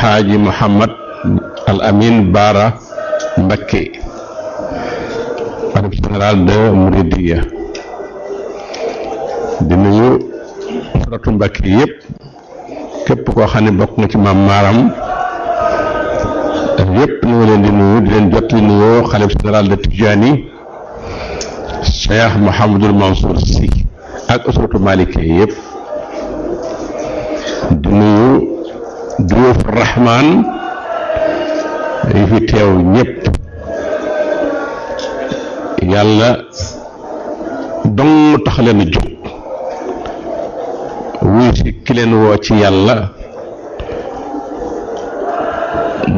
alxaaji muhammad al amin baara mbakke xalif général de Mouridiya di nuyu xaratu mbakke yëpp képp koo xam ne bokk nga ci maam maaram yëpp ñu ngi leen di nuyu di leen jot li nuyoo de Tijani Cheikh Mouhamadul Mansour Sy ak usratu Malike yëpp Diouf Rahman yi fi teew ñépp yàlla dong tax jóg wuy si ki woo ci yàlla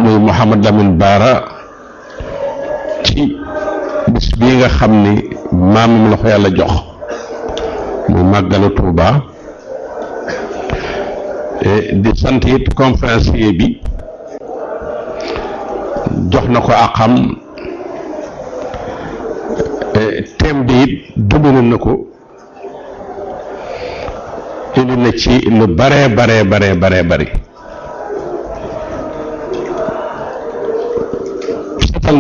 muy Mouhamad Lamine Baara ci bis bii nga xam ni maamam la ko yàlla jox muy màggalu Tuuba Eh, di sant it conférencier bi jox na ko àqam eh, thème bi it dëgëral na ko indi na ci lu bare bare bare bare bari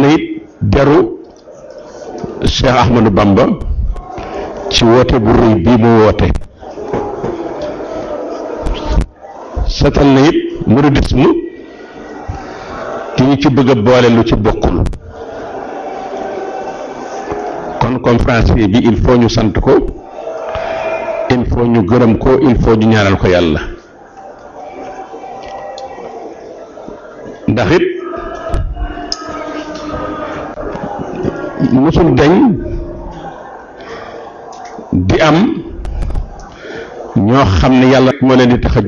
na it deru Cheikh Ahmadou Bamba ci woote bu rëy bii mu woote setal na it muridisme ki ñu ci bëgg a boole lu ci bokkul kon conférencier bi il faut ñu sant ko il faut ñu gërëm ko il faut ñu ñaanal ko yàlla ndaxit it musul dañ di am ñoo xam ne yàlla moo leen di tax a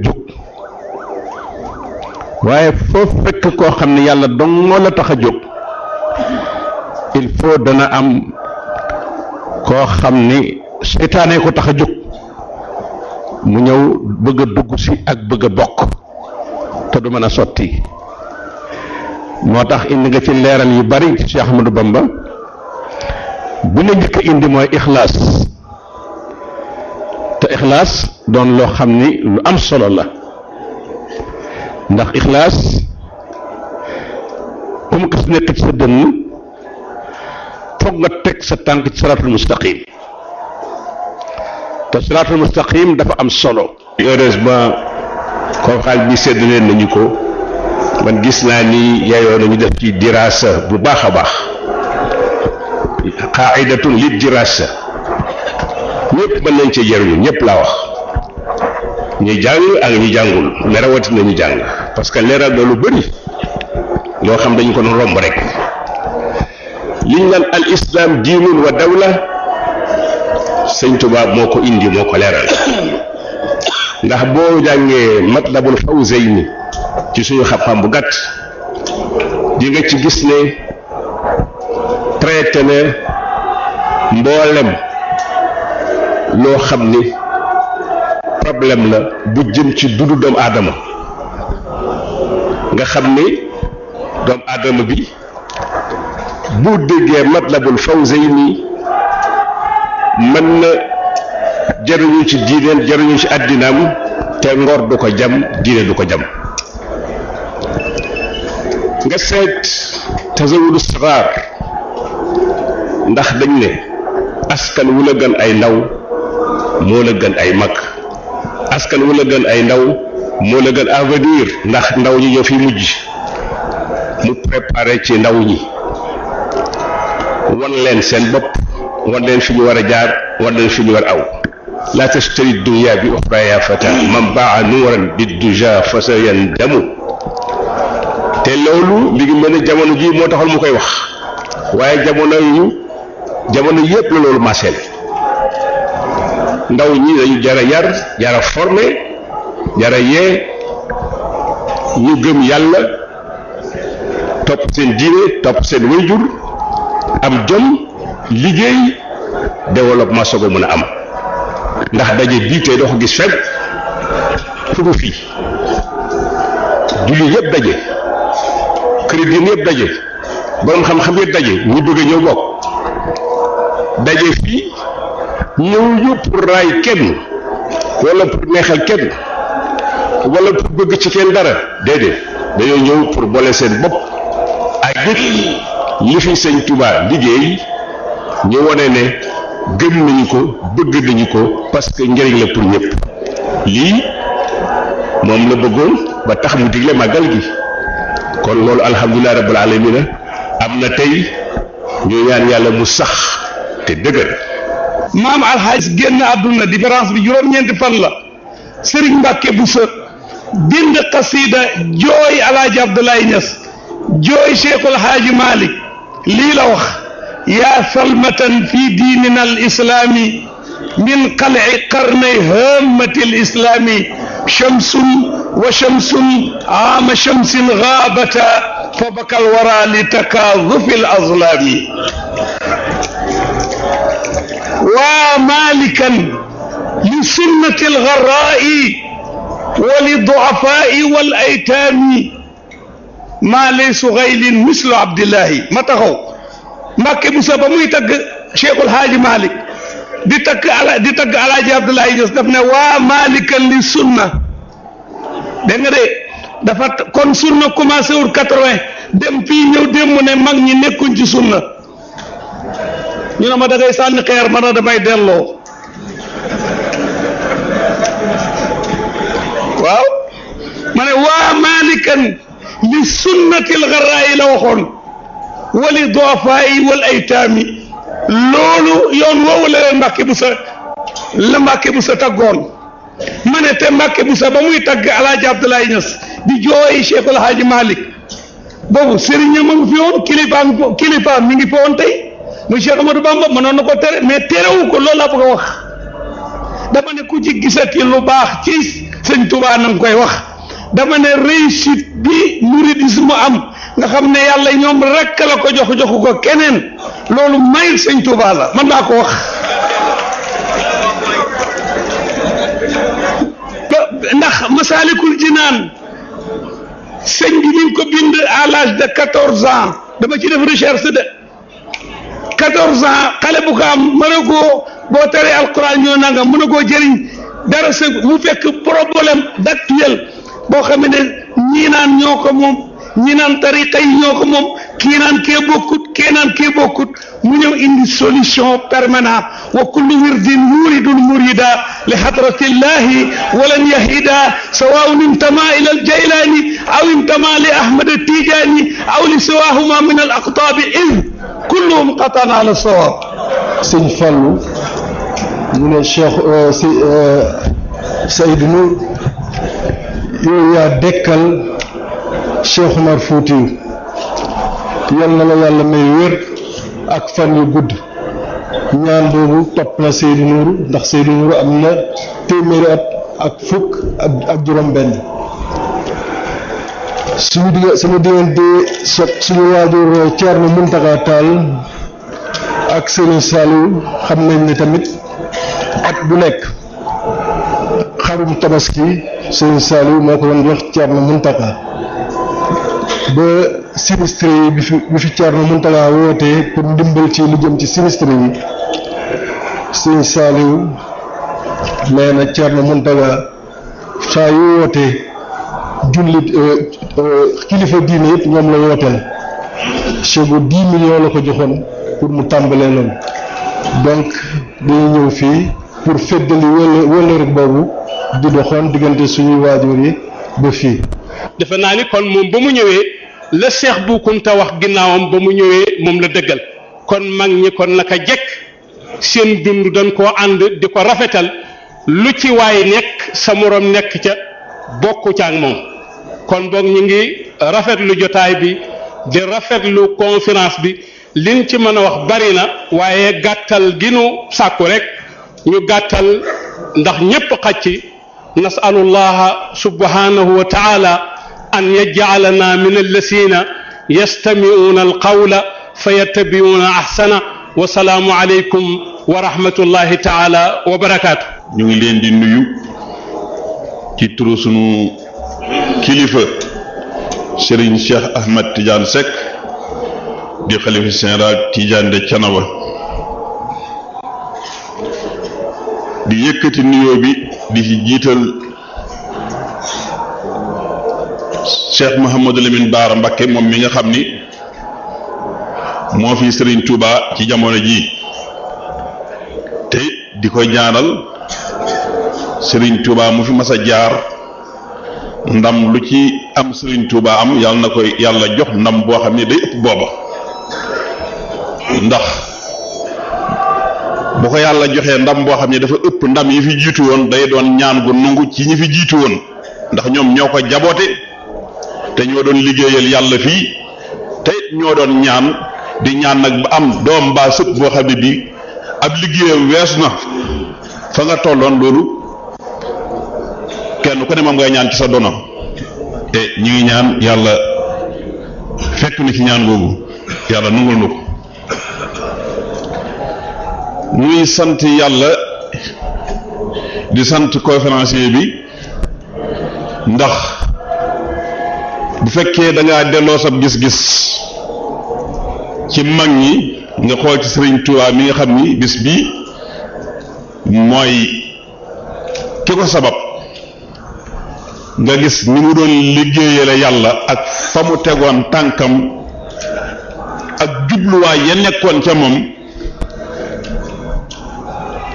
waaye foo fekk koo xam ne yàlla dongoo la tax a jóg il faut dana am koo xam ni seytaane ko tax a jóg mu ñëw bëgg a dugg si ak bëgg a bokk te du mën a sotti moo tax indi nga ci leeral yu bari ci Cheikh Ahmadou Bamba bi la njëkk indi mooy ixlaas te ixlaas doon loo xam ni lu am solo la ndax ixlaas ku mu xas nekk sa dënn foog nga teg sa tànk ci siraatul mustaqim te siraatul mustaqim dafa am solo heureusement conférence bi sedd nañu ko man gis naa ni yaayoo nañu def ci diraasa bu baax a baax qaidatun li diraasa ñëpp mën nañ ci jëriñu ñëpp laa wax ñu jàng ak ñu jàngul mais rawatina ñu jàng parce que leeral na lu bëri loo xam dañ ko doon romb rek liñ naan al islam diinun wa dawla sëñ Tuubaa moo ko indi moo ko leeral ndax boo jàngee matlabul fawzayni ci suñu xam-xam bu gàtt di nga ci gis ne traité na mboolem loo xam ni problème la bu jëm ci dundu doomu aadama nga xam ni doomu aadama bi bu déggee matlabul fawzayni mën na jëriñu ci diineem jëriñu ci àddinaam te ngor du ko jam diine du ko jam nga seet tasawudu siraar ndax dañ ne askan wu la gën ay ndaw moo la gën ay mag askan wu la gën ay ndaw moo la gën avenir ndax ndaw ñi ñoo fi mujj mu préparé ci ndaw ñi wan leen seen bopp wan leen fi war a jaar wan leen fi ñu war a aw laa tashtari dunya bi uxra ya fata man baa nuuran bi duja fa sa yandamu te loolu li ngi mel ne jamono ji moo taxal mu koy wax waaye jamono jamono yëpp la loolu maaseel ndaw ñi dañu jara yar jara formé jara yee ñu gëm yàlla topp seen diine topp seen wayjur am jom liggéey développement soog a mën a am ndax daje bii tey doo ko gis fekk fu ko fii julli yëpp daje kër gi yëpp daje borom xam-xam yëpp daje ñu bëgg ñëw bokk daje fii ñëw ñu raay kenn wala pour neexal kenn wala pour bëgg ci kenn dara déedéet dañoo ñëw pour boole seen bopp ak it li fi sëñ Touba liggéey ñu wone ne gëm nañu ko bëgg nañu ko parce que njëriñ la pour ñëpp lii moom la bëggoon ba tax mu digle màggal gi kon loolu alhamdulilah rabbil alamina am na tey ñu ñaan yàlla mu sax te dëgër maam alxaaj génn àdduna différence bi juróom-ñeenti fan la sëriñ Mbàkke bu fa bind xasiida jooy alaaji Abdoulaye Niass jooy Cheikhul Haaji Malik lii la wax yaa salmatan fi diinina al islaami min qalci qarnay hammati al islaami shamsun wa shamsun aama shamsin gaabata fa bakal wara li takaadufi al azlaami waa malikan li sunnati al garaa'i وللضعفاء والأيتام ما ليس غيل مثل عبد الله ma taxaw Mbàkke Buso ba muy tagg Cheikhul Haaji Malick di tagg ala di tagg Alaaji Abdoulaye Niass daf ne waa Malick li sunna dégg nga kon sunna commencé wul quatre-vingt dem fii ñëw démb ne mag ñi nekkuñ ci sunna ñu ne ma da ngay sànni xeer man a damay delloo. tabatan li sunnati lgaraayi la waxoon wali doofaayi wal aytaami loolu yoon woowu la leen mbàkke bu sa la mbàkke bu sa taggoon ma ne te mbàkke bu sa ba muy tagg alaaji Abdoulaye Niass di jooyi Cheikh El Hadji boobu sëriñ ma ngi fi woon kilifaam kilifaam mi ngi fi woon tey muy Cheikh Amadou Bamba mënoon ko tere mais terewu ko loolu laa bëgg a wax dama ne ku ci gisati lu baax ci sëñ Tuubaa koy wax dama ne réussite bi mouridisme am nga xam ne yàlla ñoom rekk la ko jox joxu ko keneen loolu mayit sëñ Tuuba man maa ko wax ndax masaalikul jinaan sëñ bi ñu ko bind à l'âge de quatorze ans dama ci def recherche de quatorze ans xale bu ko am mën a koo boo teree alquran ñoo nanga mën a koo jëriñ dara sëñ mu fekk problème d'actuel boo xam ne ñii naan ñoo ko moom ñii naan tariqa yi ñoo ko moom kii naan kee bokkut kee naan kee bokkut mu ñëw indi solution permanente wa kullu wirdin yuridul murida li hadrati llahi walan yahida sawaun intama ila aljaylani aw intama li ahmad tijani aw li siwahuma min al aqtabi id kulluhum qatan ala sawab sëñ Fallu mu ne Cheikh euh, euh, Seydou Nour yow yaa dekkal Cheikh Omar yal na la yàlla may wér ak fan yu gudd ñaan boobu topp na Seydou Nourou ndax Seydou Nourou am na téeméeri at ak fukk ak juróom-benn suñu digg sama diggante so suñu waajur Thierno Mountaga Tall ak Serigne Saliou xam nañ ni tamit at bu nekk. xarum tabaski sëñ Saliou moo ko doon jox Thierno Mountaga ba sinistre yi bi fi bi fi Thierno Mountaga wootee pour ndimbal ci lu jëm ci sinistre yi sëñ Saliou nee na Thierno Mountaga saa yu wootee jullit euh, euh, kilifa diine yëpp ñoom la wooteel chegu 10 millions la ko joxoon pour mu tàmbalee loolu donc dañu ñëw fii pour feddali wëllë wëllëre boobu. di doxoon diggante suñuy waajur yi ba fii defe naa ni kon moom ba mu ñëwee la seex bu kunta wax ginnaawam ba mu ñëwee moom la dëggal kon mag ñi kon naka jekk seen dund dañ koo ànd di ko rafetal lu ci waay nekk sa moroom nekk ca bokku ca ak moom kon boog ñu ngi rafetlu jotaay bi di rafetlu conférence bi liñ ci mën a wax bari na waaye gàttal gi nu sàkku rek ñu gàttal ndax ñépp xaj ci nasalu allaha subhanahu wa taala an yajcalana min allazina yastamicuuna alqawla fa yattabicuuna axsana wa salaamu aleykum wa rahmatullahi taala wa barakaatu ñu ngi leen di nuyu ci turu sunu kilifa Serigne Cheikh Ahmed Tidiane Seck di xalifa général Tidiane de Thiénaba di yëkkati nuyoo bi di ci jiital Cheikh Mouhamadou Lamine Baara Mbakke moom mi nga xam ni moo fi Serigne Touba ci jamono ji te di ko ñaanal sëriñ Touba mu fi masa jaar ndam lu ci am sëriñ Touba am yàlla na koy yàlla jox ndam boo xam ne ëpp booba ndax boo ko yàlla joxee ndam boo xam ne dafa ëpp ndam yi fi jiitu woon day doon ñaan gu nangu ci ñi fi jiitu woon ndax ñoom ñoo ko jaboote te ñoo doon liggéeyal yàlla fii te ñoo doon ñaan di ñaan nag ba am doom baa sëpp boo xam ne bii ab liggéeyam weesu na fa nga tolloon loolu kenn ku ne moom ngay ñaan ci sa dono te ñu ngi ñaan yàlla fekk na ci ñaan googu yàlla nangul na ko ñuy sant yàlla di sant conférencier bi ndax bu fekkee da delloo sab gis-gis ci mag ñi nga xool ci sëriñ Tuubaa mi nga xam ni bis bi mooy ki ko sabab nga gis ni mu doon liggéeyale yàlla ak fa mu tegoon tànkam ak jubluwaay ya nekkoon ca moom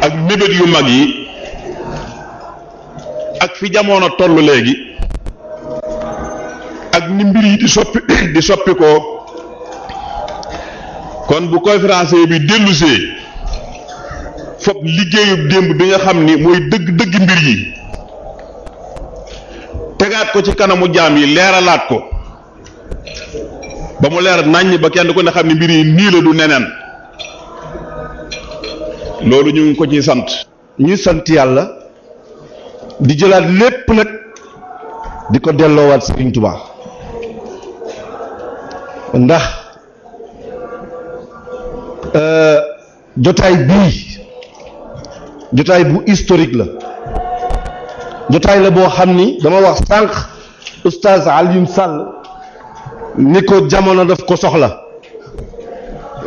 ak mébét yu mag yi ak fi jamono toll léegi ak ni mbir yi di soppi di soppi ko kon bu conférencier bi dellusee fopp liggéeyub démb bi nga xam ni mooy dëgg dëgg mbir yi tegaat ko ci kanamu jaam yi leeralaat ko ba mu leer naññ ba kenn ko ne xam ni mbir yi nii la du neneen loolu ñu ngi ko ci sant ñuy sant yàlla di jëlaat lépp nag di ko delloowaat Sëriñ Tuubaa ndax euh, jotaay bii jotaay bu historique la jotaay la boo xam ni dama wax sànq oustaz Alioune sàll ni ko jamono daf ko soxla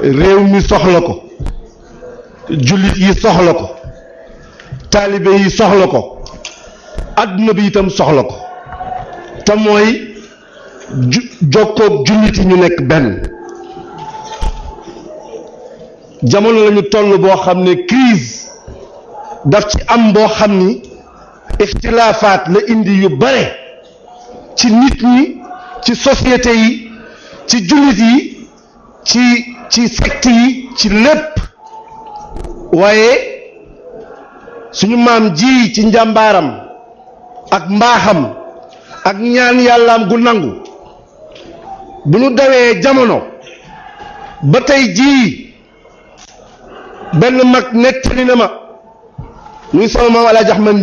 réew mi soxla ko jullit yi soxla ko taalibe yi soxla ko àdduna bi itam soxla ko te mooy ju jokkoog jullit yi ñu nekk benn jamono lañu toll boo xam ne crise daf ci am boo xam ni ixtilaafaat la indi yu bare ci nit ñi ci société yi ci jullit yi ci ci secte yi ci lépp waaye suñu maam ji ci njàmbaaram ak mbaaxam ak ñaan yàllaam gu nangu bu ñu dawee jamono ba tey jii benn mag nettali na ma muy sama maam El Hadj Ahmed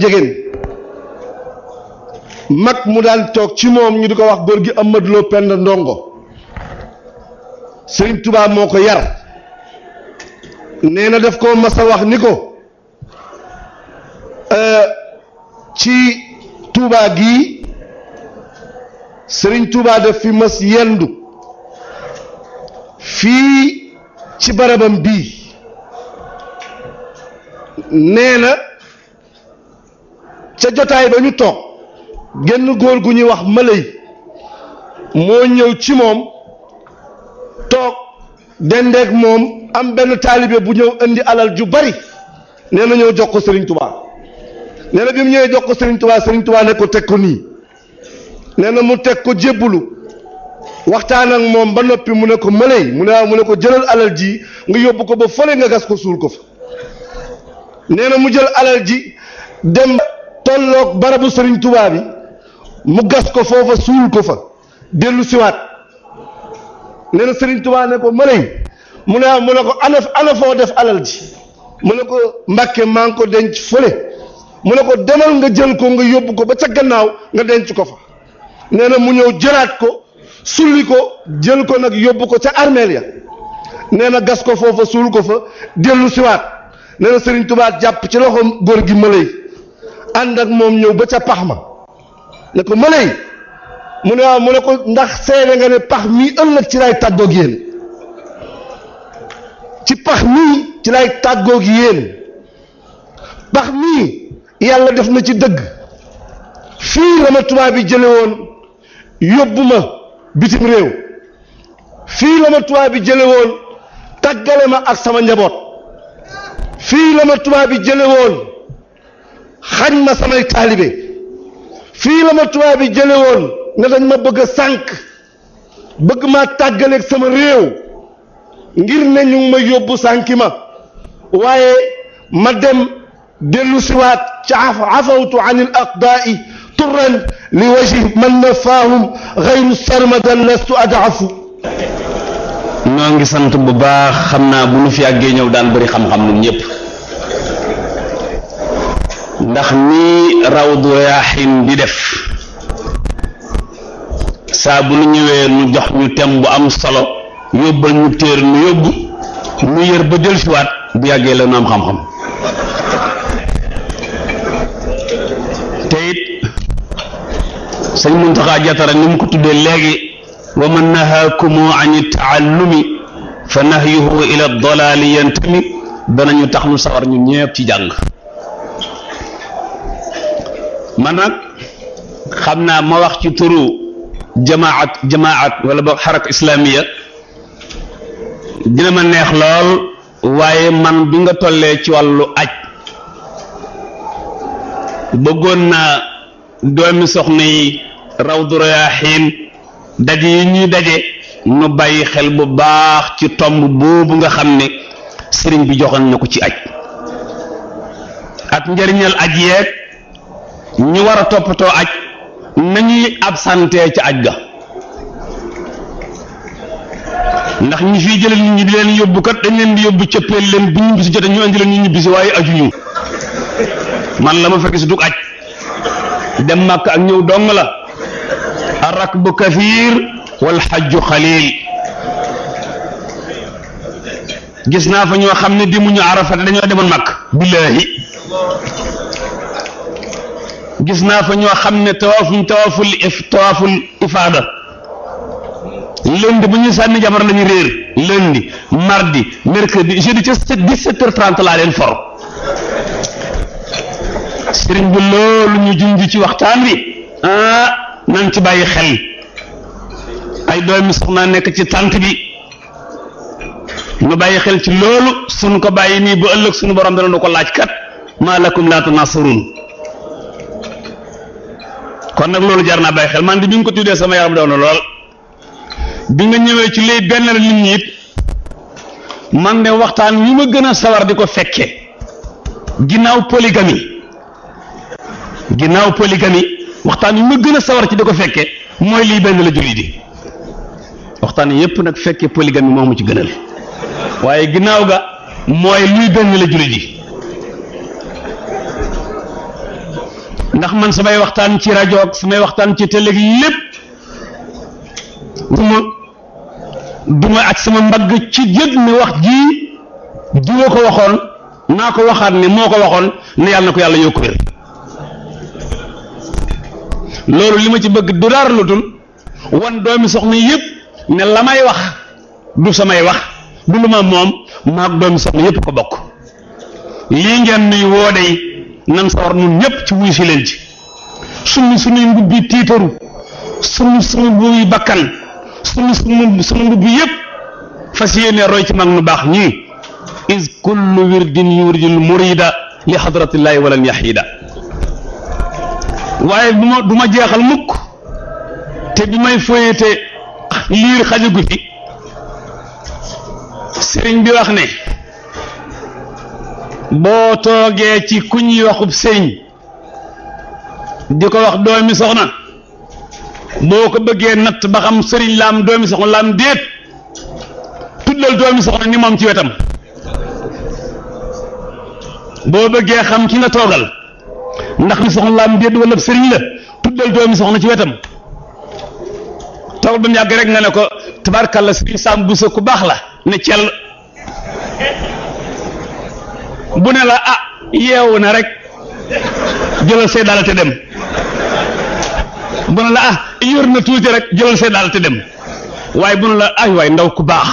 mag mu daan toog ci moom ñu di ko wax góor gi Amadou Lo Ndongo Serigne tubaab moo ko yar. nee na def ko masa wax ni ko euh, ci tuubaa gi sëriñ tuubaa def fi mas yendu fii ci barabam bii nee na ca jotaay ba ñu toog genn góor gu ñuy wax malay moo ñëw ci moom toog dendeek moom am benn taalibe bu ñëw indi alal ju bari nee na ñëw jox ko Serigne Touba nee bi mu ñëwee jox ko Serigne Touba Serigne Touba ne ko teg nii nee na mu teg ko jébbulu waxtaan moom ba noppi mu ne ko mëlay mu ne mu ne ko jëlal alal ji nga yóbbu ko ba fële nga gas ko suul ko nee na mu jël alal ji dem tolloog barabu sëriñ Touba bi mu gas ko foofa suul ko fa dellu siwaat nee sëriñ Serigne ne ko mëlay mu ne mu ne ko ana ana foo def alal ji mu ne ko mbàkke maa ngi ko denc fële mu ne ko demal nga jël ko nga yóbbu ko ba ca gannaaw nga denc ko fa nee na mu ñëw jëlaat ko sulli ko jël ko nag yóbbu ko ca armeel ya nee na gas ko foofa suul ko fa dellu siwaat nee na Serigne Touba jàpp ci loxo góor gi mëlay ànd ak moom ñëw ba ca pax ma ne ko mëlay mu ne waaw ah, mu ne ko ndax seede nga ne pax mii ëllëg ci lay tàggoog yéen ci pax mii ci lay tàggoog yéen pax mii yàlla def na ci dëgg fii la ma tubaab bi jële woon yóbbu ma bitim réew fii la ma tubaab bi jële woon tàggale ma ak sama njaboot fii la ma tubaab bi jële woon xañ ma samay taalibe fii la ma tubaab bi jële woon ne dañ ma bëgg a sànq bëgg maa tàggaleeg sama réew ngir ne ñu ngi ma yóbbu sànki ma waaye ma dem dellu siwaat ca afawtu an il aqdaai turan li waji man nafaahum xayru sarmadan lastu adaafu ñoo ngi sant bu baax xam naa bu nu fi àggee ñëw daan bari xam-xam nun ñëpp ndax ni rawdu riyaahin di def saa bu nu ñëwee nu jox ñu tem bu am solo yóbbal ñu téer nu yóbbu nu yër ba dellusiwaat bu yàggee la noom am xam-xam te it sëñ Muntaxa Jatara ni mu ko tuddee léegi wa man nahaakumu an taallumi fa nahyuhu ila dalaali yantami danañu tax nu sawar ñu ñëpp ci jàng man nag xam naa ma wax ci turu jamaat jamaat wala ba xarak islaamiya dina ma neex lool waaye man bi nga tollee ci wàllu aj bëggoon naa doomi soxna yi raw rawdu rayaaxiin daje yi ñuy daje nu bàyyi xel bu baax ci tomb boobu nga xam ne sëriñ bi joxoon na ko ci aj ak njëriñal aj yeeg ñu war a toppatoo aj nañuy absente ci aj ga ndax ñi fiy jëlee nit di leen yóbbu kat dem leen di yóbbu leen bu ñibbisi jotee ñu andi leen ñu ñibbisi waaye aju ñu man la ma fekk si dug aj dem makk ak ñëw dong la ar-rakbu kathir wal hajju xalil gis naa fa ñoo xam ne di mu ñu Arafa demoon màkk billaahi gis naa fa ñoo xam ne tawaafuñ tawaaful tawaaful ifaada lundi bu ñuy sànni jabar la ñu réer lundi mardi mercredi jeudi ca 17 heures 30 laa leen for sëriñ bi loolu ñu junj ci waxtaan wi ah ci bàyyi xel ay doomi soxna nekk ci tànt bi ñu bàyyi xel ci loolu suñ ko bàyyi nii bu ëllëg suñu borom dana nu ko laaj kat maa lakum laa tanaasaruun kon nag loolu jar naa bàyyi xel man di bi nga ko tuddee sama yaram daw na lool bi nga ñëwee ci liy benn la nit ñi man de waxtaan yu ma gën a sawar di ko fekke ginnaaw polygamie ginnaaw polygamie waxtaan yu ma gën a sawar ci di ko fekke mooy liy benn la julli di waxtaan yépp nag fekke polygamie moomu ci gënal waaye ginnaaw ga mooy luy benn la julli di ndax man samay waxtaan ci rajo ak samay waxtaan ci télé lépp. du ma aj sama mbagg ci yëg ne wax jii diwa ko waxoon naa ko waxaat ni moo ko waxoon ne yàlla na ko yàlla yokku wér loolu li ma ci bëgg du dara lu dul wan doomi soxna yëpp ne la may wax du samay wax du lu ma moom maag doomi soxna yëpp ko bokk lii ngeen nuy woo dey nan sawar nun ñëpp ci wuy si leen ci suñu suñuy mbubbi tiitaru suñu suñu buuy bakkan sama sama sama mbubb yëpp fas yéene roy ci mag nu baax ñii is kullu wirdin yuridul murida li xadratillahi walan yaxida waaye du ma du ma jeexal mukk te bi may foyete liir xajagu fi sëriñ bi wax ne boo toogee ci ku ñuy waxub sëriñ di ko wax doomi soxna boo ko bëggee natt ba xam sëriñ laam doomi soxna laam déet tuddal doomi soxna ni moom ci wetam boo bëggee xam ki nga toogal ndax mi soxna laam déet wala sëriñ la tuddal doomi soxna ci wetam toog ba mu yàgg rek nga ne ko tabarkàlla sëriñ saam bu sa ku baax la ne cel bu ne la ah yeewu na rek jëlal say dara te dem bu ne la ah yër na tuuti rek jëlal see daal te dem waaye bu la ay waay ndaw ku baax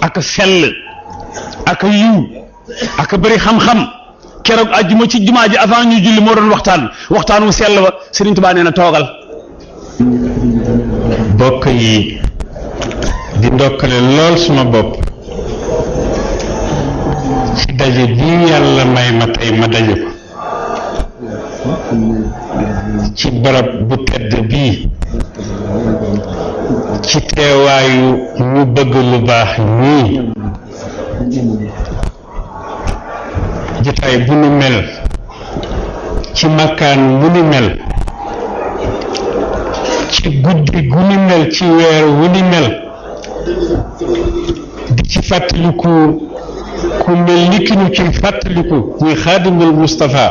ak sell ak yiw ak bëri xam-xam keroog àjjuma ci jumaa ji avant ñuy julli moo doon waxtaan waxtaan wu sell wa Sëriñ Tuubaa nee na toogal bokk yi di ndokkale lool suma bopp ci daje bii yàlla may ma tey ma daje ci barab bu tedd bii ci teewaayu ñu bëgg lu baax ñii jotaay bu nu mel ci makkaan bu nu mel ci guddi gu nu mel ci weer wu nu mel di ci fàttaliku ku mel ni ki ñu ci fàttaliku muy xaadimul Moustapha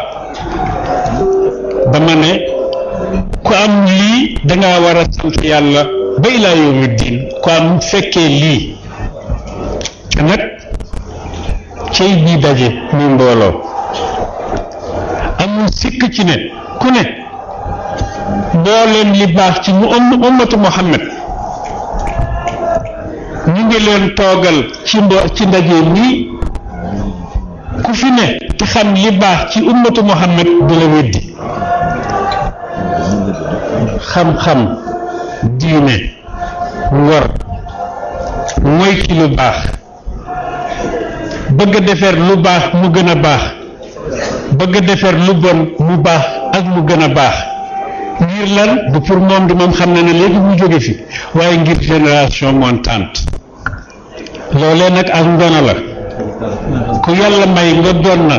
dama ne ku am lii dangaa war a sant yàlla ba ilaa yawmi diin ku am fekkee lii te nag cey bii daje muy mbooloo amul sikk ci ne ku ne mbooleem li baax ci mu umm, ummatu Muhammad ñu ngi leen toogal ci mbo ci ndaje mi ku fi ne te li baax ci ummatu Muhammad du la weddi xam-xam diine ngor moytu lu baax bëgg a lu baax mu gën a baax bëgg a defar lu bon mu baax ak mu gën a baax ngir lan du pour moom di moom xam na ne léegi mu jóge fi waaye ngir génération montant loolee nag ak ndono la ku yàlla may nga doon na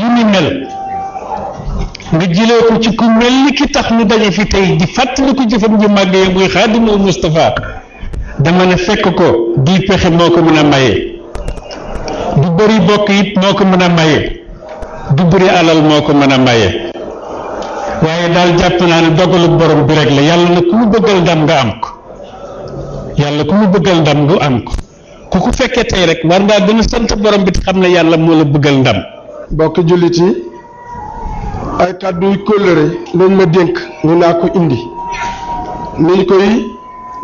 lu ni mel nga jëlee ko ci ku mel ni ki tax mu daje fi tey di fàttali ko jëfam ji màgg yi muy xaadimu Mustapha dama ne fekk ko di pexe moo ko mën a maye du bëri bokk it moo ko mën a maye du bëri alal moo ko mën a maye waaye daal jàpp naa ne dogalu borom bi rek la yàlla na ku mu bëggal ndam nga am ko yàlla ku mu bëggal ndam nga am ko ku ko fekkee tey rek war ngaa gën a sant borom bi te xam ne yàlla moo la bëggal ndam bokk jullit yi ay kàddu kóllëre lañ ma dénk ni naa ko indi niñ koy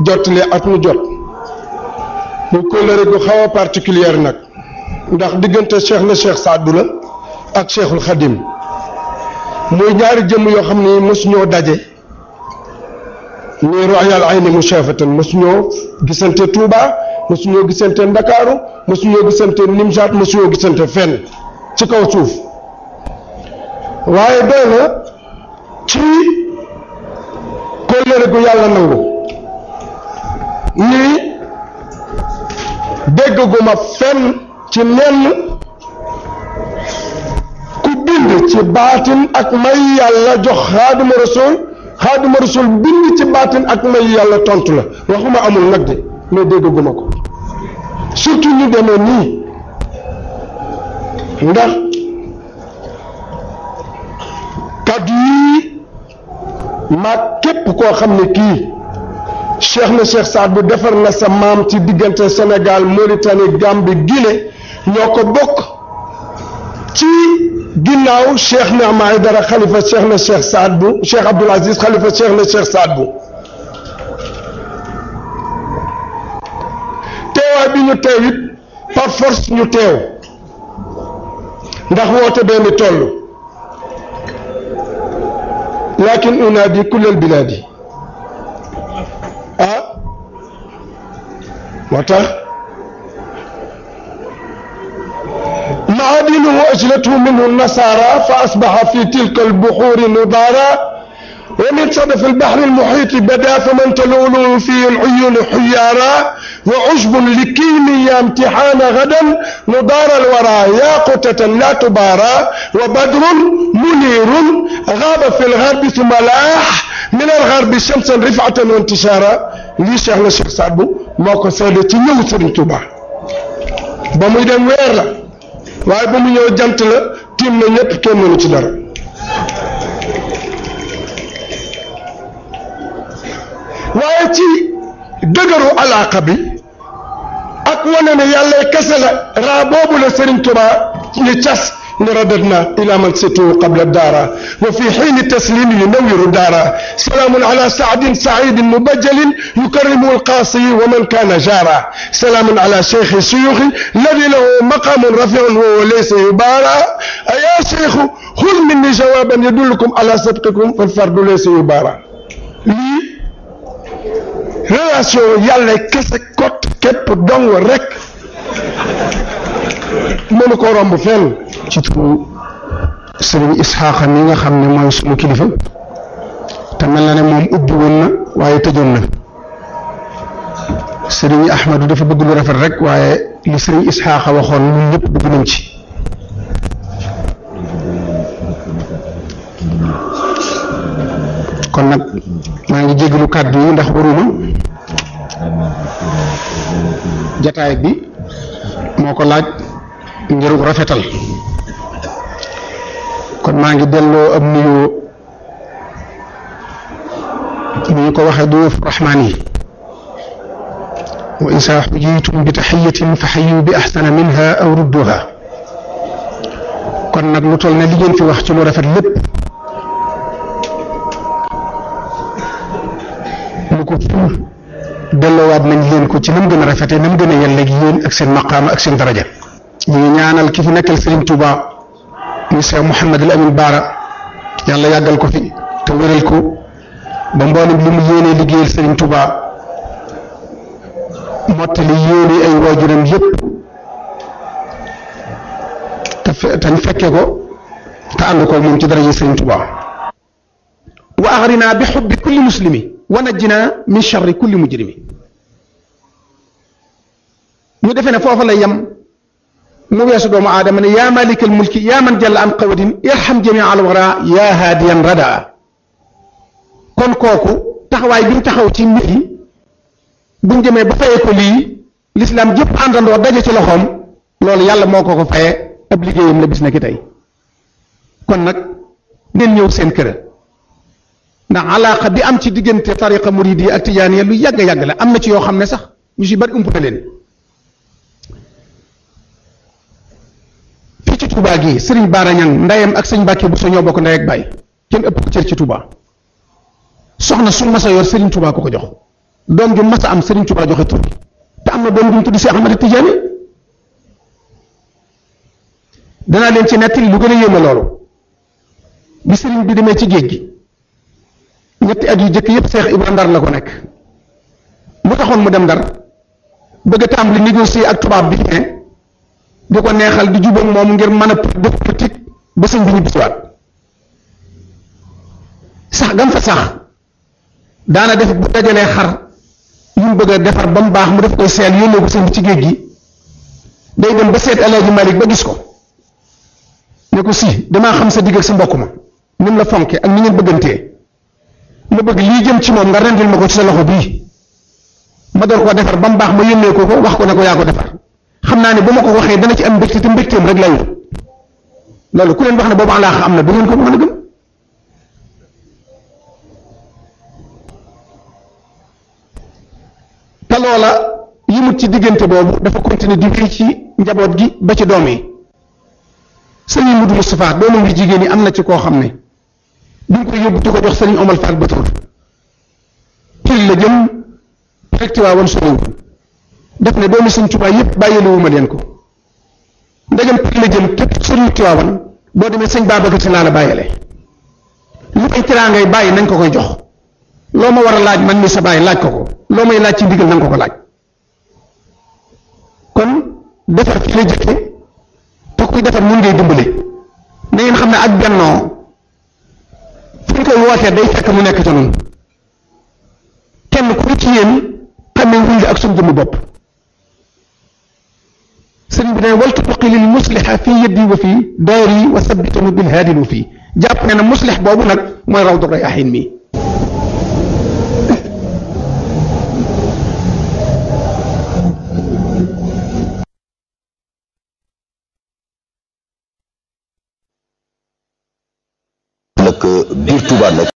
jottalee at mu jot mu kóllëre gu xaw a particulière nag ndax diggante cheikh na cheikh Saadu la ak cheikhul Xadim muy ñaari jëmm yoo xam ni mosu ñoo daje ni royal ay ni mu chefatan mosu ñoo gisante Touba mosu ñoo gisante Ndakaaru mosu ñoo gisante Nimsaat mosu ñoo gisante fenn ci kaw suuf. waaye doy na ci kóllëre gu yàlla nangu ni dégguma fenn ci nenn ku bind ci baatin ak may yàlla jox xaadima rasul xaadima rasul bind ci baatin ak may yàlla tontu la waxuma amul nag de mais dégguma ko surtout ñu demee nii ndax kàddu yii maag képp koo xam ne kii cheikh na cheikh Saad bu defar na sa maam ci diggante Sénégal Mauritanie Gambie Guinée ñoo ko bokk ci ginnaaw cheikh na Ahmed dara xalifa cheikh na cheikh Saad bu cheikh Abdoul Aziz xalifa cheikh na cheikh Saad bu teewaay bi ñu teew it par ñu teew ndax woote benn toll. lakin unaadi kullal bilaadi ah moo tax maadinuhu ajlatu minhu nasaara fa asbaxa fi tilka albuxuuri nudaara ومن صدف البحر المحيط بدا فمن تلؤلؤ فيه العيون حيارا وعشب لكيميا امتحان غدا مدار الورى ياقتة لا تبارى وبدر منير غاب في الغرب ثم لاح من الغرب شمسا رفعة وانتشارا lii Cheikh la Cheikh Sadbu moo ko seede ci ñëw Serigne Touba ba muy dem weer la waaye ba mu ñëw jant la tiim na ñëpp kenn mënu ci dara waaye ci dëgëru alaaka bi ak wane ne yàlla kese la raa boobu la Serigne Touba ñu cas ne radadna ila man situ qabla daara wa fi xiini taslimi yunawiru daara salaamun ala saadin saidin mubajalin yukarimu alqaasi wa man kaana jaara salaamun ala cheikhi suyuxi ladi lahu maqaamun rafiun wa huwa laysa yubaara aya cheikhu xud minni jawaban yadullukum ala sadqikum falfardu laysa yubaara lii relation yàlla kese kot képp dong rek mënu ko romb fenn ci turu sëriñ Isxaaqa mi nga xam ne mooy sunu kilifa te mel na ne moom ubbi woon na waaye tëjoon na sëriñ Ahmadu dafa bëgg lu rafet rek waaye li sëriñ Isxaaqa waxoon ñun ñëpp dugg nañ ci kon nag maa ngi jégalu kàddu yi ndax waruma jataay bi moo ko laaj ngir rafetal kon maa ngi delloo am nuyoo ni ñu ko waxee duuf rahmaan yi wa isaa xujiitum bi taxiyatin fa xayu bi axsana minha aw rudduha kon nag lu toll ne li fi wax ci lu rafet lépp lu ko ful delloowaat nañ leen ko ci nam gën a rafete nam gën a yelleeg yéen ak seen maqaama ak seen daraja ñu ngi ñaanal ki fi nekkal Serigne Touba muy Cheikh Mouhamadul Amin Baara yàlla yàggal ko fi te wéral ko ba mboolem li mu yéenee liggéeyal Serigne Touba mottali yéene ay waajuram yépp te fe te fekke ko te ànd ko moom ci daraja Serigne Touba wa axrina bi xubbi kulli muslimi wa najjinaa min sharri kulli mujrimin ñu defee ne foofa lay yem mu weesu doomu aadama ne yaa malikal mulki yaa man jalla an qawadin irham jamii al yaa haadiyan rada kon kooku taxawaay bi mu taxaw ci mbir yi buñ demee ba fayee ko lii lislaam jëpp àndandoo daje ci loxoom loolu yàlla moo ko ko fayee ab liggéeyam la bis tey kon nag ngeen ñëw seen kër ndax alaaqa bi am ci diggante tariqa murid yi ak tijaaniya lu yàgg yàgg la am na ci yoo xam ne sax ñu si bari ump na leen fii ci Touba gii Serigne Bara Niang ak sëñ Mbàkke bu sa ñoo bokk ndey ak baay kenn ëpp ko cër ci tubaa soxna su mas a yor Serigne tubaa ko ko jox doom ju mas a am Serigne Touba joxe tur te am na doom ju mu tudd si Ahmad Tijaani danaa leen ci nettali lu gën a yéeme loolu bi Serigne bi demee ci géej gi. ñetti at yu jëkk yëpp Cheikh Ibra Ndar la nekk mu taxoon mu dem Ndar bëgg tam tàmbali négocier ak tubaab bi ne di ko neexal di jubóog moom ngir mën a def politique ba sëñ bi ñu sax gam fa sax daana def bu dajalee xar yu mu bëgg a defar ba mu baax mu def koy seel yónnee ko sëñ bi ci géej gi day dem ba seet El Hadj ba gis ko ne si damaa xam sa digg ak sa mbokk ma ni mu la fonke ak ni ngeen bëggantee ma bëgg lii jëm ci moom nga rendil ma ko ci sa loxo bii ma door koo defar ba mu baax ma yónnee koo ko wax ko ne ko yaa ko defar xam naa ne bu ma ko waxee dana ci am mbégte te mbégteem rek lay loolu ku leen wax ne boobu àllaax am na du ko mën a gëm te loola yimut ci diggante boobu dafa continuer di wéy ci njaboot gi ba ci doom yi sëñ Mudu Mustafaa doomam gi jigéen ñi am na ci koo xam ne bi ñu koy yóbbu di ko jox sëriñ Omar Fall Batour pil la jëm rek Tiwaawan soriwul daf ne doomi Sëriñ Tuubaa yëpp bàyyiluwuma leen ko ndegem pil la jëm boo demee sëñ Babacar Si laa la bàyyi nañ ko koy jox loo ma war a laaj man mi sa bàyyi laaj ko ko loo may laaj ci ndigal na ko ko laaj kon defar fi la jëkke te kuy defar mun ngay dimbale na ngeen xam ne ak bennoo ki koy wootee day fekk mu nekk ca noonu kenn ku ci yéen xamee wuñ la ak suñ jëmm bopp sëriñ bi ne wal tuqi lil musliha fii yeddi wa fii daari wa sabbitanu bil haadil wa fii jàpp ne na muslix boobu nag mooy raw dora axin mi Touba nag